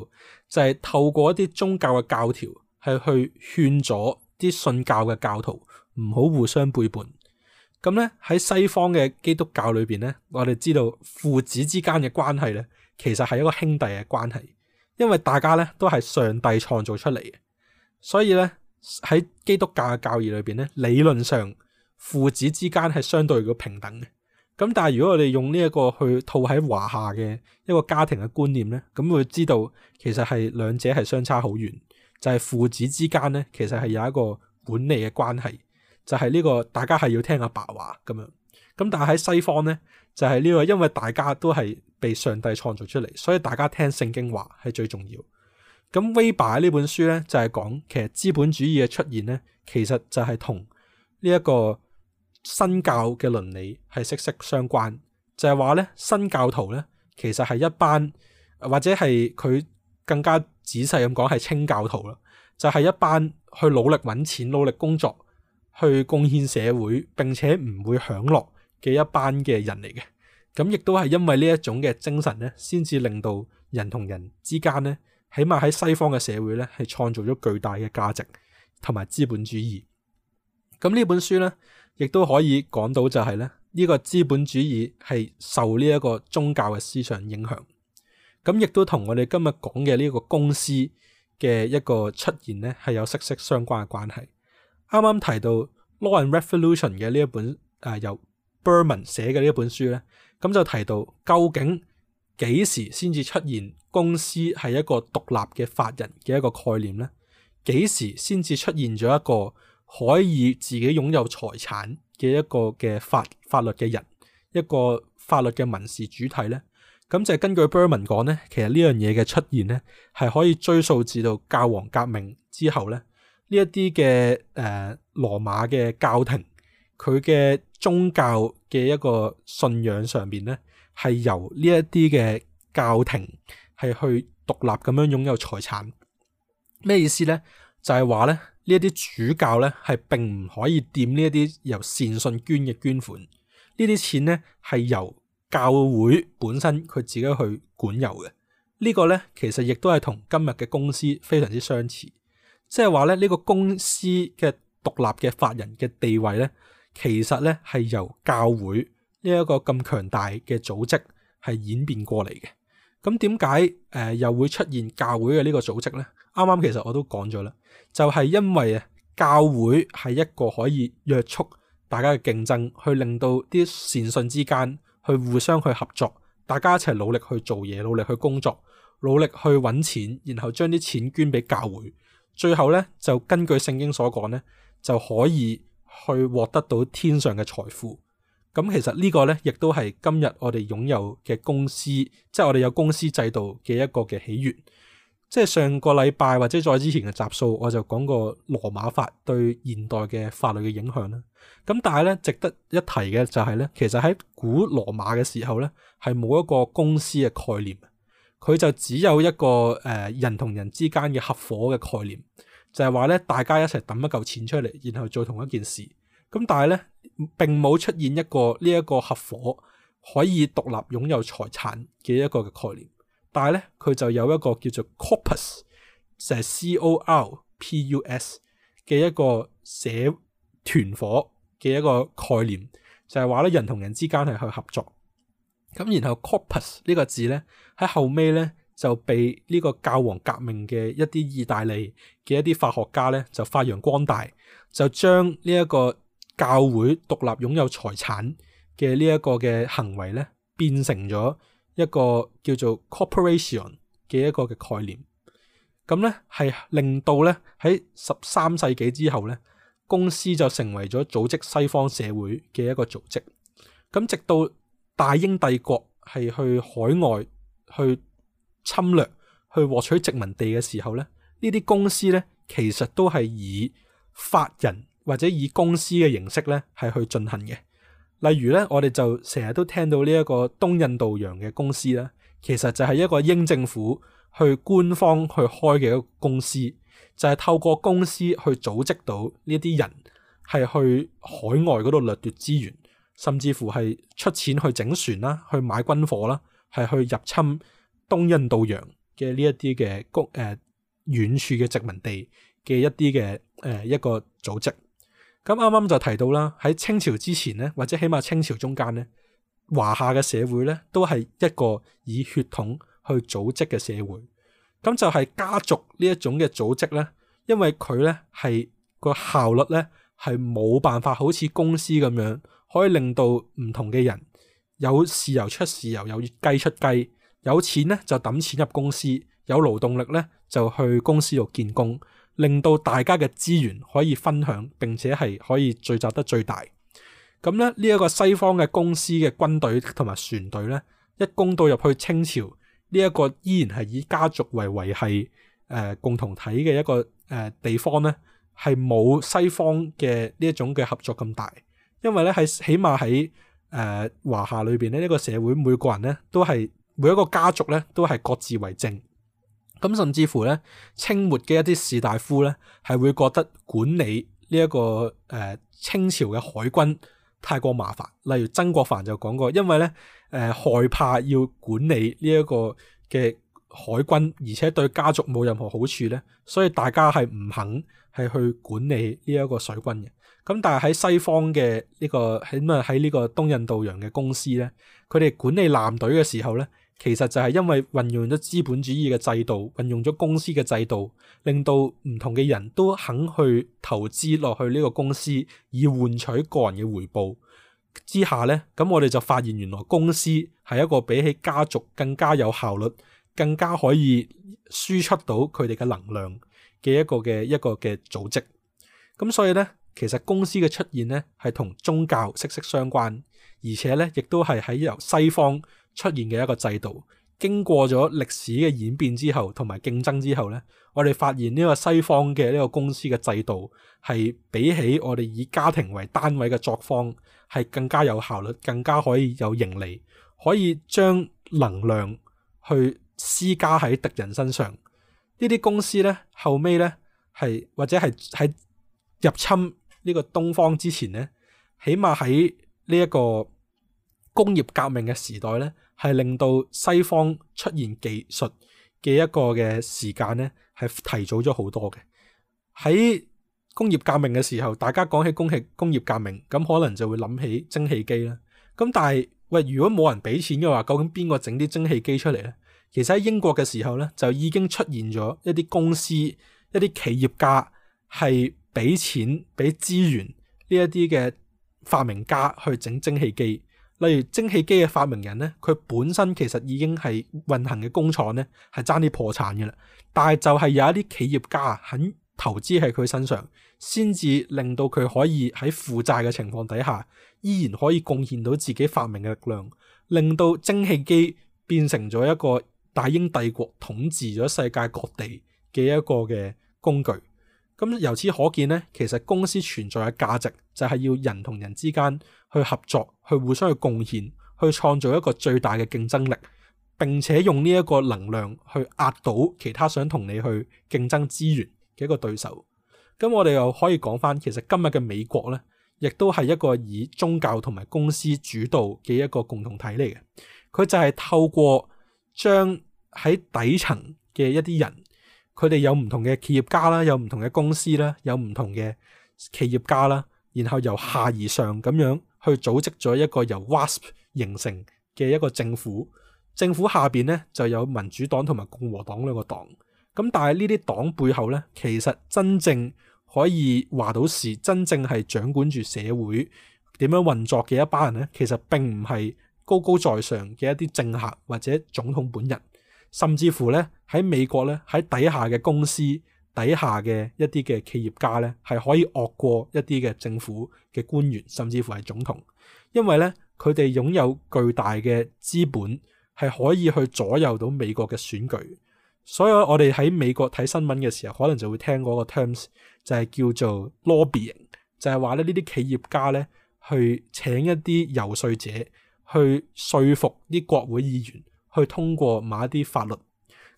就係、是、透過一啲宗教嘅教條，係去勸咗啲信教嘅教徒唔好互相背叛。咁咧喺西方嘅基督教裏邊咧，我哋知道父子之間嘅關係咧，其實係一個兄弟嘅關係，因為大家咧都係上帝創造出嚟嘅，所以咧喺基督教嘅教義裏邊咧，理論上父子之間係相對嘅平等嘅。咁但係如果我哋用呢一個去套喺華夏嘅一個家庭嘅觀念咧，咁會知道其實係兩者係相差好遠，就係父子之間咧，其實係有一個管理嘅關係。就係呢個，大家係要聽阿爸話咁樣。咁但係喺西方呢，就係呢個，因為大家都係被上帝創造出嚟，所以大家聽聖經話係最重要。咁 Weber 呢本書呢，就係講其實資本主義嘅出現呢，其實就係同呢一個新教嘅倫理係息息相關。就係話呢，新教徒呢，其實係一班或者係佢更加仔細咁講係清教徒啦，就係一班去努力揾錢、努力工作。去貢獻社會，並且唔會享樂嘅一班嘅人嚟嘅。咁亦都係因為呢一種嘅精神咧，先至令到人同人之間咧，起碼喺西方嘅社會咧，係創造咗巨大嘅價值同埋資本主義。咁呢本書咧，亦都可以講到就係咧，呢個資本主義係受呢一個宗教嘅思想影響，咁亦都同我哋今日講嘅呢個公司嘅一個出現咧，係有息息相關嘅關係。啱啱提到《Law and Revolution》嘅呢一本，誒、呃、由 Berman 寫嘅呢一本書咧，咁、嗯、就提到究竟幾時先至出現公司係一個獨立嘅法人嘅一個概念咧？幾時先至出現咗一個可以自己擁有財產嘅一個嘅法法律嘅人，一個法律嘅民事主體咧？咁就係根據 Berman 講咧，其實呢樣嘢嘅出現咧，係可以追溯至到教皇革命之後咧。呢一啲嘅誒羅馬嘅教廷，佢嘅宗教嘅一個信仰上邊咧，係由呢一啲嘅教廷係去獨立咁樣擁有財產。咩意思呢？就係話咧，呢一啲主教咧係並唔可以掂呢一啲由善信捐嘅捐款。呢啲錢咧係由教會本身佢自己去管有嘅。這個、呢個咧其實亦都係同今日嘅公司非常之相似。即係話咧，呢個公司嘅獨立嘅法人嘅地位呢，其實呢係由教會呢一個咁強大嘅組織係演變過嚟嘅。咁點解誒又會出現教會嘅呢個組織呢？啱啱其實我都講咗啦，就係因為啊，教會係一個可以約束大家嘅競爭，去令到啲善信之間去互相去合作，大家一齊努力去做嘢，努力去工作，努力去揾錢，然後將啲錢捐俾教會。最後咧，就根據聖經所講咧，就可以去獲得到天上嘅財富。咁其實個呢個咧，亦都係今日我哋擁有嘅公司，即係我哋有公司制度嘅一個嘅起源。即係上個禮拜或者再之前嘅集數，我就講過羅馬法對現代嘅法律嘅影響啦。咁但係咧，值得一提嘅就係、是、咧，其實喺古羅馬嘅時候咧，係冇一個公司嘅概念。佢就只有一個誒、呃、人同人之間嘅合夥嘅概念，就係話咧，大家一齊抌一舊錢出嚟，然後做同一件事。咁但係咧，並冇出現一個呢一，這個合夥可以獨立擁有財產嘅一個嘅概念。但係咧，佢就有一個叫做 corpus，就係 C O R P U S 嘅一個社團夥嘅一個概念，就係話咧人同人之間係去合作。咁然後，corpus 呢個字呢，喺後尾呢就被呢個教皇革命嘅一啲意大利嘅一啲法學家呢就發揚光大，就將呢一個教會獨立擁有財產嘅呢一個嘅行為呢變成咗一個叫做 corporation 嘅一個嘅概念。咁呢係令到呢喺十三世紀之後呢，公司就成為咗組織西方社會嘅一個組織。咁直到大英帝國係去海外去侵略，去獲取殖民地嘅時候咧，呢啲公司咧其實都係以法人或者以公司嘅形式咧係去進行嘅。例如咧，我哋就成日都聽到呢一個東印度洋嘅公司咧，其實就係一個英政府去官方去開嘅一個公司，就係透過公司去組織到呢啲人係去海外嗰度掠奪資源。甚至乎係出錢去整船啦，去買軍火啦，係去入侵東印度洋嘅呢一啲嘅谷誒遠處嘅殖民地嘅一啲嘅誒一個組織。咁啱啱就提到啦，喺清朝之前咧，或者起碼清朝中間咧，華夏嘅社會咧，都係一個以血統去組織嘅社會。咁就係家族呢一種嘅組織咧，因為佢咧係個效率咧係冇辦法好似公司咁樣。可以令到唔同嘅人有豉油出豉油，有雞出雞，有錢咧就抌錢入公司，有勞動力咧就去公司度見工，令到大家嘅資源可以分享，並且係可以聚集得最大。咁咧呢一個西方嘅公司嘅軍隊同埋船隊咧，一攻到入去清朝呢一個依然係以家族為維繫誒、呃、共同體嘅一個誒、呃、地方咧，係冇西方嘅呢一種嘅合作咁大。因為咧喺起碼喺誒華夏裏邊咧，呢個社會每個人咧都係每一個家族咧都係各自為政，咁甚至乎咧清末嘅一啲士大夫咧係會覺得管理呢一個誒清朝嘅海軍太過麻煩，例如曾國藩就講過，因為咧誒害怕要管理呢一個嘅海軍，而且對家族冇任何好處咧，所以大家係唔肯係去管理呢一個水軍嘅。咁但係喺西方嘅呢、這個喺乜喺呢個東印度洋嘅公司咧，佢哋管理艦隊嘅時候咧，其實就係因為運用咗資本主義嘅制度，運用咗公司嘅制度，令到唔同嘅人都肯去投資落去呢個公司，以換取個人嘅回報之下咧，咁我哋就發現原來公司係一個比起家族更加有效率、更加可以輸出到佢哋嘅能量嘅一個嘅一個嘅組織。咁所以咧。其實公司嘅出現咧，係同宗教息息相關，而且咧亦都係喺由西方出現嘅一個制度，經過咗歷史嘅演變之後，同埋競爭之後咧，我哋發現呢個西方嘅呢個公司嘅制度係比起我哋以家庭為單位嘅作坊係更加有效率，更加可以有盈利，可以將能量去施加喺敵人身上。呢啲公司咧後尾咧係或者係喺入侵。呢個東方之前呢，起碼喺呢一個工業革命嘅時代呢，係令到西方出現技術嘅一個嘅時間呢，係提早咗好多嘅。喺工業革命嘅時候，大家講起工業工業革命，咁可能就會諗起蒸汽機啦。咁但係喂，如果冇人俾錢嘅話，究竟邊個整啲蒸汽機出嚟呢？其實喺英國嘅時候呢，就已經出現咗一啲公司、一啲企業家係，俾錢俾資源呢一啲嘅發明家去整蒸汽機，例如蒸汽機嘅發明人呢，佢本身其實已經係運行嘅工廠呢係差啲破產嘅啦。但係就係有一啲企業家肯投資喺佢身上，先至令到佢可以喺負債嘅情況底下，依然可以貢獻到自己發明嘅力量，令到蒸汽機變成咗一個大英帝國統治咗世界各地嘅一個嘅工具。咁由此可見，咧，其實公司存在嘅價值就係要人同人之間去合作，去互相去貢獻，去創造一個最大嘅競爭力，並且用呢一個能量去壓倒其他想同你去競爭資源嘅一個對手。咁我哋又可以講翻，其實今日嘅美國咧，亦都係一個以宗教同埋公司主導嘅一個共同體嚟嘅。佢就係透過將喺底層嘅一啲人。佢哋有唔同嘅企業家啦，有唔同嘅公司啦，有唔同嘅企業家啦，然後由下而上咁樣去組織咗一個由 WASP 形成嘅一個政府。政府下邊咧，就有民主黨同埋共和黨兩個黨。咁但係呢啲黨背後咧，其實真正可以話到事，真正係掌管住社會點樣運作嘅一班人咧，其實並唔係高高在上嘅一啲政客或者總統本人。甚至乎咧，喺美國咧，喺底下嘅公司底下嘅一啲嘅企業家咧，係可以惡過一啲嘅政府嘅官員，甚至乎係總統，因為咧佢哋擁有巨大嘅資本，係可以去左右到美國嘅選舉。所以我哋喺美國睇新聞嘅時候，可能就會聽嗰個 terms 就係叫做 lobbying，就係話咧，呢啲企業家咧去請一啲遊說者去說服啲國會議員，去通過某一啲法律，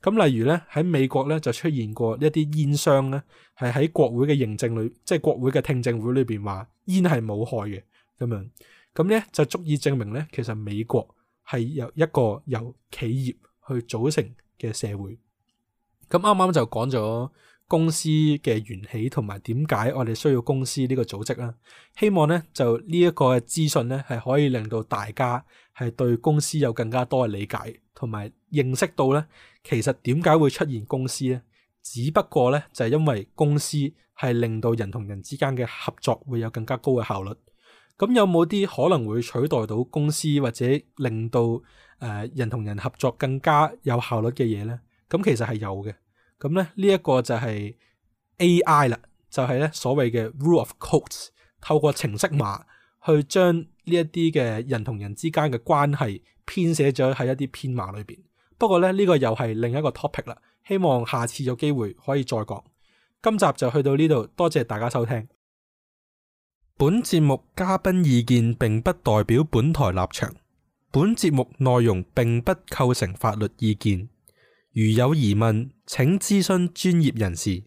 咁例如咧喺美國咧就出現過一啲煙商咧，係喺國會嘅認證裏，即係國會嘅聽證會裏邊話煙係冇害嘅咁樣，咁咧就足以證明咧，其實美國係由一個由企業去組成嘅社會，咁啱啱就講咗。公司嘅源起同埋點解我哋需要公司呢個組織啦？希望咧就呢一個資訊咧係可以令到大家係對公司有更加多嘅理解同埋認識到咧，其實點解會出現公司咧？只不過咧就係、是、因為公司係令到人同人之間嘅合作會有更加高嘅效率。咁有冇啲可能會取代到公司或者令到誒、呃、人同人合作更加有效率嘅嘢咧？咁其實係有嘅。咁咧，呢一個就係 AI 啦，就係咧所謂嘅 rule of code，透過程式碼去將呢一啲嘅人同人之間嘅關係編寫咗喺一啲編碼裏邊。不過咧，呢個又係另一個 topic 啦，希望下次有機會可以再講。今集就去到呢度，多謝大家收聽。本節目嘉賓意見並不代表本台立場，本節目內容並不構成法律意見。如有疑問，請諮詢專業人士。